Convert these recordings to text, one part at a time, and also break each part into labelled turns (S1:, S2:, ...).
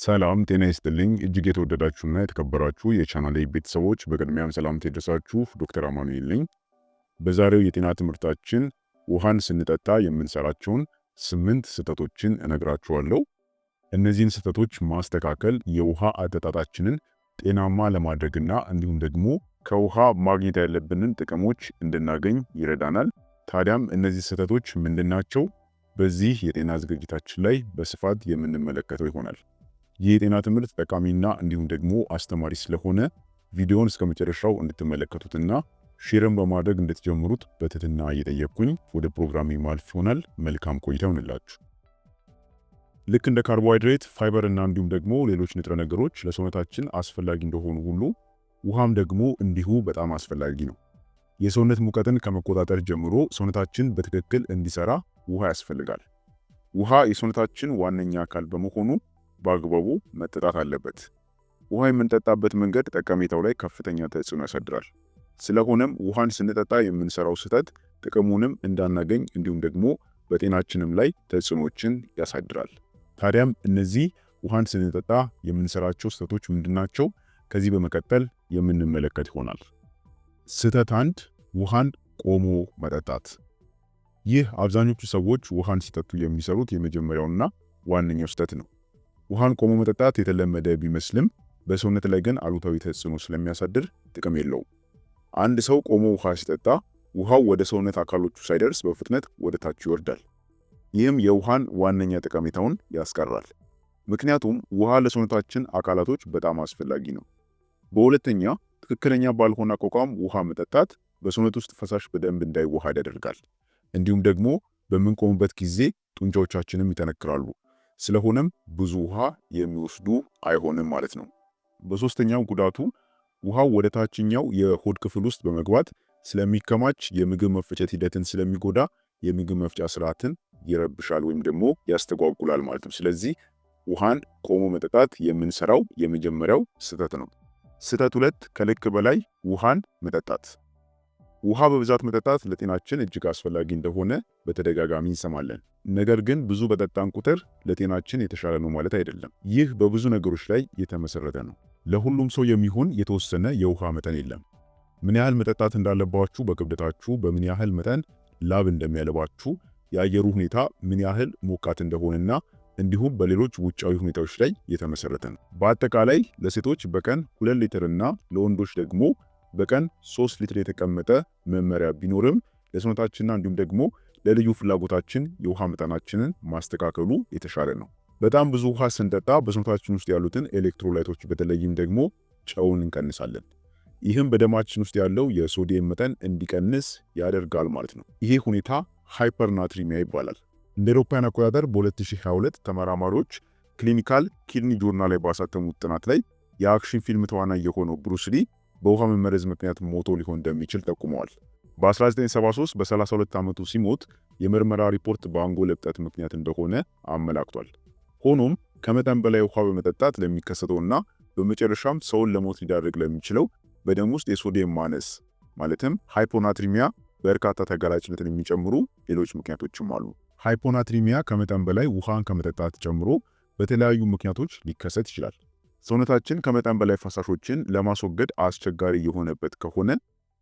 S1: ሰላም ጤና ይስጥልኝ እጅግ የተወደዳችሁና የተከበራችሁ የቻናሌ ቤተሰቦች በቅድሚያም ሰላምታ ይድረሳችሁ። ዶክተር አማኑኤል ነኝ። በዛሬው የጤና ትምህርታችን ውሃን ስንጠጣ የምንሰራቸውን ስምንት ስህተቶችን እነግራችኋለሁ። እነዚህን ስህተቶች ማስተካከል የውሃ አጠጣጣችንን ጤናማ ለማድረግና እንዲሁም ደግሞ ከውሃ ማግኘት ያለብንን ጥቅሞች እንድናገኝ ይረዳናል። ታዲያም እነዚህ ስህተቶች ምንድናቸው? በዚህ የጤና ዝግጅታችን ላይ በስፋት የምንመለከተው ይሆናል። ይህ የጤና ትምህርት ጠቃሚና እንዲሁም ደግሞ አስተማሪ ስለሆነ ቪዲዮውን እስከ መጨረሻው እንድትመለከቱትና ሼርም በማድረግ እንድትጀምሩት በትህትና እየጠየቅኩኝ ወደ ፕሮግራም ማልፍ ይሆናል። መልካም ቆይታ ይሆንላችሁ። ልክ እንደ ካርቦሃይድሬት፣ ፋይበር እና እንዲሁም ደግሞ ሌሎች ንጥረ ነገሮች ለሰውነታችን አስፈላጊ እንደሆኑ ሁሉ ውሃም ደግሞ እንዲሁ በጣም አስፈላጊ ነው። የሰውነት ሙቀትን ከመቆጣጠር ጀምሮ ሰውነታችን በትክክል እንዲሰራ ውሃ ያስፈልጋል። ውሃ የሰውነታችን ዋነኛ አካል በመሆኑ በአግባቡ መጠጣት አለበት። ውሃ የምንጠጣበት መንገድ ጠቀሜታው ላይ ከፍተኛ ተጽዕኖ ያሳድራል። ስለሆነም ውሃን ስንጠጣ የምንሰራው ስህተት ጥቅሙንም እንዳናገኝ እንዲሁም ደግሞ በጤናችንም ላይ ተጽዕኖችን ያሳድራል። ታዲያም እነዚህ ውሃን ስንጠጣ የምንሰራቸው ስህተቶች ምንድናቸው? ከዚህ በመቀጠል የምንመለከት ይሆናል። ስህተት አንድ ውሃን ቆሞ መጠጣት። ይህ አብዛኞቹ ሰዎች ውሃን ሲጠጡ የሚሰሩት የመጀመሪያውና ዋነኛው ስህተት ነው። ውሃን ቆሞ መጠጣት የተለመደ ቢመስልም በሰውነት ላይ ግን አሉታዊ ተጽዕኖ ስለሚያሳድር ጥቅም የለውም። አንድ ሰው ቆሞ ውሃ ሲጠጣ ውሃው ወደ ሰውነት አካሎቹ ሳይደርስ በፍጥነት ወደ ታች ይወርዳል። ይህም የውሃን ዋነኛ ጠቀሜታውን ያስቀራል። ምክንያቱም ውሃ ለሰውነታችን አካላቶች በጣም አስፈላጊ ነው። በሁለተኛ ትክክለኛ ባልሆነ አቋቋም ውሃ መጠጣት በሰውነት ውስጥ ፈሳሽ በደንብ እንዳይዋሃድ ያደርጋል። እንዲሁም ደግሞ በምንቆምበት ጊዜ ጡንቻዎቻችንም ይጠነክራሉ። ስለሆነም ብዙ ውሃ የሚወስዱ አይሆንም ማለት ነው። በሶስተኛው ጉዳቱ ውሃው ወደ ታችኛው የሆድ ክፍል ውስጥ በመግባት ስለሚከማች የምግብ መፈጨት ሂደትን ስለሚጎዳ የምግብ መፍጫ ስርዓትን ይረብሻል ወይም ደግሞ ያስተጓጉላል ማለት ነው። ስለዚህ ውሃን ቆሞ መጠጣት የምንሰራው የመጀመሪያው ስህተት ነው። ስህተት ሁለት ከልክ በላይ ውሃን መጠጣት ውሃ በብዛት መጠጣት ለጤናችን እጅግ አስፈላጊ እንደሆነ በተደጋጋሚ እንሰማለን። ነገር ግን ብዙ በጠጣን ቁጥር ለጤናችን የተሻለ ነው ማለት አይደለም። ይህ በብዙ ነገሮች ላይ የተመሰረተ ነው። ለሁሉም ሰው የሚሆን የተወሰነ የውሃ መጠን የለም። ምን ያህል መጠጣት እንዳለባችሁ በክብደታችሁ፣ በምን ያህል መጠን ላብ እንደሚያለባችሁ፣ የአየሩ ሁኔታ ምን ያህል ሞቃት እንደሆነና እንዲሁም በሌሎች ውጫዊ ሁኔታዎች ላይ የተመሰረተ ነው። በአጠቃላይ ለሴቶች በቀን ሁለት ሊትር እና ለወንዶች ደግሞ በቀን 3 ሊትር የተቀመጠ መመሪያ ቢኖርም ለሰውነታችንና እንዲሁም ደግሞ ለልዩ ፍላጎታችን የውሃ መጠናችንን ማስተካከሉ የተሻለ ነው። በጣም ብዙ ውሃ ስንጠጣ በሰውነታችን ውስጥ ያሉትን ኤሌክትሮላይቶች በተለይም ደግሞ ጨውን እንቀንሳለን። ይህም በደማችን ውስጥ ያለው የሶዲየም መጠን እንዲቀንስ ያደርጋል ማለት ነው። ይሄ ሁኔታ ሃይፐርናትሪሚያ ይባላል። እንደ ኤሮፓያን አቆጣጠር በ2022 ተመራማሪዎች ክሊኒካል ኪድኒ ጆርናል ላይ ባሳተሙት ጥናት ላይ የአክሽን ፊልም ተዋናይ የሆነው ብሩስሊ። በውሃ መመረዝ ምክንያት ሞቶ ሊሆን እንደሚችል ጠቁመዋል። በ1973 በ32 ዓመቱ ሲሞት የምርመራ ሪፖርት በአንጎል እብጠት ምክንያት እንደሆነ አመላክቷል። ሆኖም ከመጠን በላይ ውሃ በመጠጣት ለሚከሰተውና በመጨረሻም ሰውን ለሞት ሊዳርግ ለሚችለው በደም ውስጥ የሶዲየም ማነስ ማለትም ሃይፖናትሪሚያ በርካታ ተጋላጭነትን የሚጨምሩ ሌሎች ምክንያቶችም አሉ። ሃይፖናትሪሚያ ከመጠን በላይ ውሃን ከመጠጣት ጨምሮ በተለያዩ ምክንያቶች ሊከሰት ይችላል። ሰውነታችን ከመጠን በላይ ፈሳሾችን ለማስወገድ አስቸጋሪ የሆነበት ከሆነ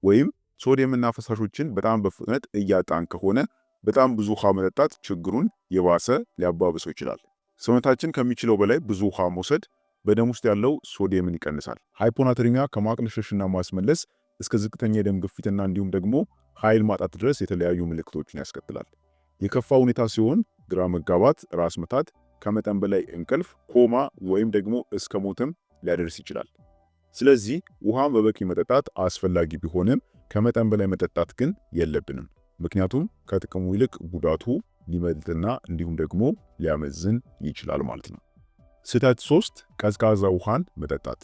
S1: ወይም ሶዲየምና ፈሳሾችን በጣም በፍጥነት እያጣን ከሆነ በጣም ብዙ ውሃ መጠጣት ችግሩን የባሰ ሊያባብሰው ይችላል። ሰውነታችን ከሚችለው በላይ ብዙ ውሃ መውሰድ በደም ውስጥ ያለው ሶዲየምን ይቀንሳል። ሃይፖናትሪሚያ ከማቅለሸሽና ማስመለስ እስከ ዝቅተኛ የደም ግፊትና እንዲሁም ደግሞ ኃይል ማጣት ድረስ የተለያዩ ምልክቶችን ያስከትላል። የከፋ ሁኔታ ሲሆን ግራ መጋባት፣ ራስ መታት ከመጠን በላይ እንቅልፍ ኮማ ወይም ደግሞ እስከ ሞትም ሊያደርስ ይችላል። ስለዚህ ውሃን በበቂ መጠጣት አስፈላጊ ቢሆንም ከመጠን በላይ መጠጣት ግን የለብንም። ምክንያቱም ከጥቅሙ ይልቅ ጉዳቱ ሊመልጥና እንዲሁም ደግሞ ሊያመዝን ይችላል ማለት ነው። ስህተት ሶስት ቀዝቃዛ ውሃን መጠጣት።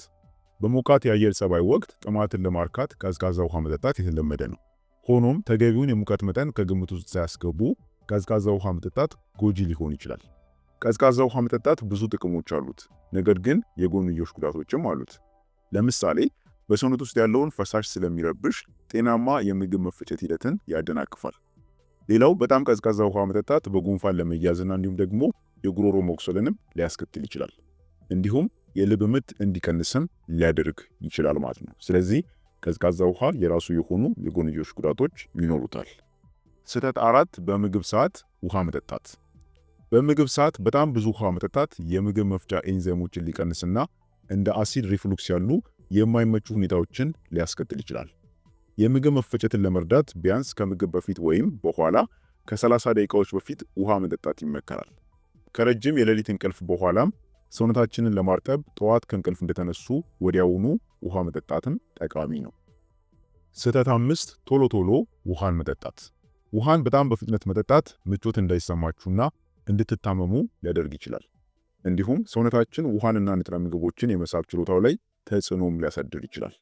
S1: በሞቃት የአየር ጸባይ ወቅት ጥማትን ለማርካት ቀዝቃዛ ውሃ መጠጣት የተለመደ ነው። ሆኖም ተገቢውን የሙቀት መጠን ከግምት ውስጥ ሳያስገቡ ቀዝቃዛ ውሃ መጠጣት ጎጂ ሊሆን ይችላል። ቀዝቃዛ ውሃ መጠጣት ብዙ ጥቅሞች አሉት፣ ነገር ግን የጎንዮሽ ጉዳቶችም አሉት። ለምሳሌ በሰውነት ውስጥ ያለውን ፈሳሽ ስለሚረብሽ ጤናማ የምግብ መፈጨት ሂደትን ያደናቅፋል። ሌላው በጣም ቀዝቃዛ ውሃ መጠጣት በጉንፋን ለመያዝና እንዲሁም ደግሞ የጉሮሮ መቁሰልንም ሊያስከትል ይችላል። እንዲሁም የልብ ምት እንዲቀንስም ሊያደርግ ይችላል ማለት ነው። ስለዚህ ቀዝቃዛ ውሃ የራሱ የሆኑ የጎንዮሽ ጉዳቶች ይኖሩታል። ስህተት አራት በምግብ ሰዓት ውሃ መጠጣት በምግብ ሰዓት በጣም ብዙ ውሃ መጠጣት የምግብ መፍጫ ኤንዛይሞችን ሊቀንስና እንደ አሲድ ሪፍሉክስ ያሉ የማይመቹ ሁኔታዎችን ሊያስከትል ይችላል። የምግብ መፈጨትን ለመርዳት ቢያንስ ከምግብ በፊት ወይም በኋላ ከ30 ደቂቃዎች በፊት ውሃ መጠጣት ይመከራል። ከረጅም የሌሊት እንቅልፍ በኋላም ሰውነታችንን ለማርጠብ ጠዋት ከእንቅልፍ እንደተነሱ ወዲያውኑ ውሃ መጠጣትን ጠቃሚ ነው። ስህተት አምስት ቶሎ ቶሎ ውሃን መጠጣት። ውሃን በጣም በፍጥነት መጠጣት ምቾት እንዳይሰማችሁና እንድትታመሙ ሊያደርግ ይችላል። እንዲሁም ሰውነታችን ውሃንና ንጥረ ምግቦችን የመሳብ ችሎታው ላይ ተጽዕኖም ሊያሳድር ይችላል።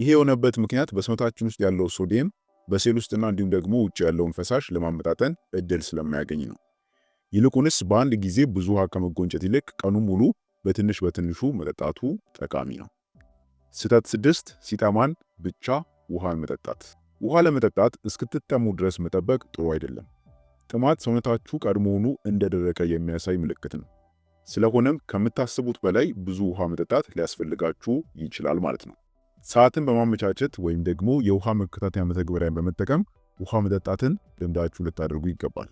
S1: ይሄ የሆነበት ምክንያት በሰውነታችን ውስጥ ያለው ሶዲየም በሴል ውስጥና እንዲሁም ደግሞ ውጭ ያለውን ፈሳሽ ለማመጣጠን እድል ስለማያገኝ ነው። ይልቁንስ በአንድ ጊዜ ብዙ ውሃ ከመጎንጨት ይልቅ ቀኑ ሙሉ በትንሽ በትንሹ መጠጣቱ ጠቃሚ ነው። ስህተት ስድስት ሲጠማን ብቻ ውሃን መጠጣት። ውሃ ለመጠጣት እስክትጠሙ ድረስ መጠበቅ ጥሩ አይደለም። ጥማት ሰውነታችሁ ቀድሞውኑ እንደደረቀ የሚያሳይ ምልክት ነው። ስለሆነም ከምታስቡት በላይ ብዙ ውሃ መጠጣት ሊያስፈልጋችሁ ይችላል ማለት ነው። ሰዓትን በማመቻቸት ወይም ደግሞ የውሃ መከታተያ መተግበሪያን በመጠቀም ውሃ መጠጣትን ልምዳችሁ ልታደርጉ ይገባል።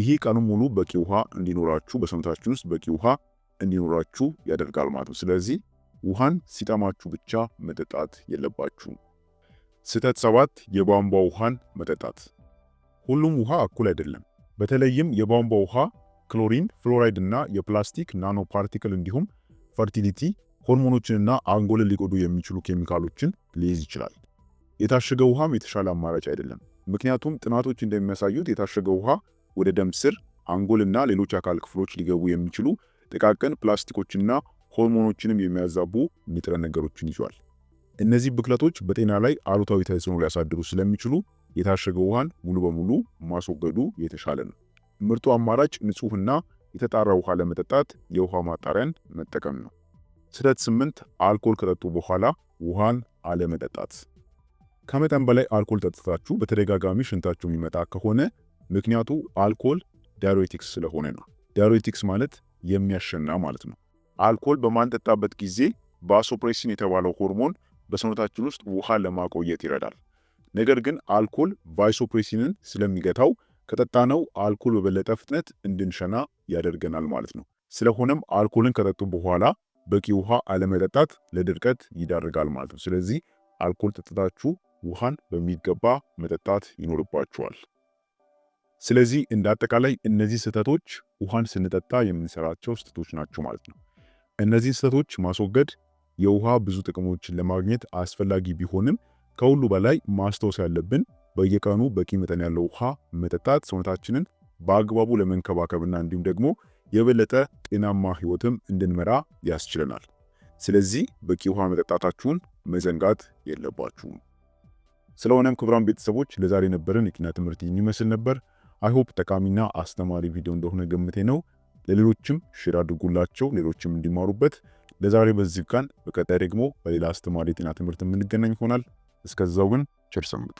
S1: ይህ ቀኑን ሙሉ በቂ ውሃ እንዲኖራችሁ በሰውነታችን ውስጥ በቂ ውሃ እንዲኖራችሁ ያደርጋል ማለት ነው። ስለዚህ ውሃን ሲጠማችሁ ብቻ መጠጣት የለባችሁም። ስህተት ሰባት የቧንቧ ውሃን መጠጣት። ሁሉም ውሃ እኩል አይደለም። በተለይም የቧንቧ ውሃ ክሎሪን፣ ፍሎራይድ እና የፕላስቲክ ናኖ ፓርቲክል እንዲሁም ፈርቲሊቲ ሆርሞኖችንና አንጎልን ሊጎዱ የሚችሉ ኬሚካሎችን ሊይዝ ይችላል። የታሸገ ውሃም የተሻለ አማራጭ አይደለም። ምክንያቱም ጥናቶች እንደሚያሳዩት የታሸገ ውሃ ወደ ደም ስር፣ አንጎልና ሌሎች አካል ክፍሎች ሊገቡ የሚችሉ ጥቃቅን ፕላስቲኮችና ሆርሞኖችንም የሚያዛቡ ንጥረ ነገሮችን ይዟል። እነዚህ ብክለቶች በጤና ላይ አሉታዊ ተጽዕኖ ሊያሳድሩ ስለሚችሉ የታሸገ ውሃን ሙሉ በሙሉ ማስወገዱ የተሻለ ነው። ምርቱ አማራጭ ንጹህና የተጣራ ውሃ ለመጠጣት የውሃ ማጣሪያን መጠቀም ነው። ስህተት ስምንት አልኮል ከጠጡ በኋላ ውሃን አለመጠጣት። ከመጠን በላይ አልኮል ጠጥታችሁ በተደጋጋሚ ሽንታችሁ የሚመጣ ከሆነ ምክንያቱ አልኮል ዳይሬቲክስ ስለሆነ ነው። ዳይሬቲክስ ማለት የሚያሸና ማለት ነው። አልኮል በማንጠጣበት ጊዜ ባሶፕሬሲን የተባለው ሆርሞን በሰውነታችን ውስጥ ውሃ ለማቆየት ይረዳል። ነገር ግን አልኮል ቫይሶፕሬሲንን ስለሚገታው ከጠጣነው አልኮል በበለጠ ፍጥነት እንድንሸና ያደርገናል ማለት ነው። ስለሆነም አልኮልን ከጠጡ በኋላ በቂ ውሃ አለመጠጣት ለድርቀት ይዳርጋል ማለት ነው። ስለዚህ አልኮል ጠጥታችሁ ውሃን በሚገባ መጠጣት ይኖርባችኋል። ስለዚህ እንደ አጠቃላይ እነዚህ ስህተቶች ውሃን ስንጠጣ የምንሰራቸው ስህተቶች ናቸው ማለት ነው። እነዚህን ስህተቶች ማስወገድ የውሃ ብዙ ጥቅሞችን ለማግኘት አስፈላጊ ቢሆንም ከሁሉ በላይ ማስታወስ ያለብን በየቀኑ በቂ መጠን ያለው ውሃ መጠጣት ሰውነታችንን በአግባቡ ለመንከባከብና እንዲሁም ደግሞ የበለጠ ጤናማ ህይወትም እንድንመራ ያስችለናል። ስለዚህ በቂ ውሃ መጠጣታችሁን መዘንጋት የለባችሁም። ስለሆነም ክቡራን ቤተሰቦች ለዛሬ የነበረን የጤና ትምህርት የሚመስል ነበር። አይሆፕ ጠቃሚና አስተማሪ ቪዲዮ እንደሆነ ገምቴ ነው። ለሌሎችም ሼር አድርጉላቸው፣ ሌሎችም እንዲማሩበት። ለዛሬ በዚህ ቀን፣ በቀጣይ ደግሞ በሌላ አስተማሪ የጤና ትምህርት የምንገናኝ ይሆናል። እስከዛው ግን ቸር ሰንብቱ።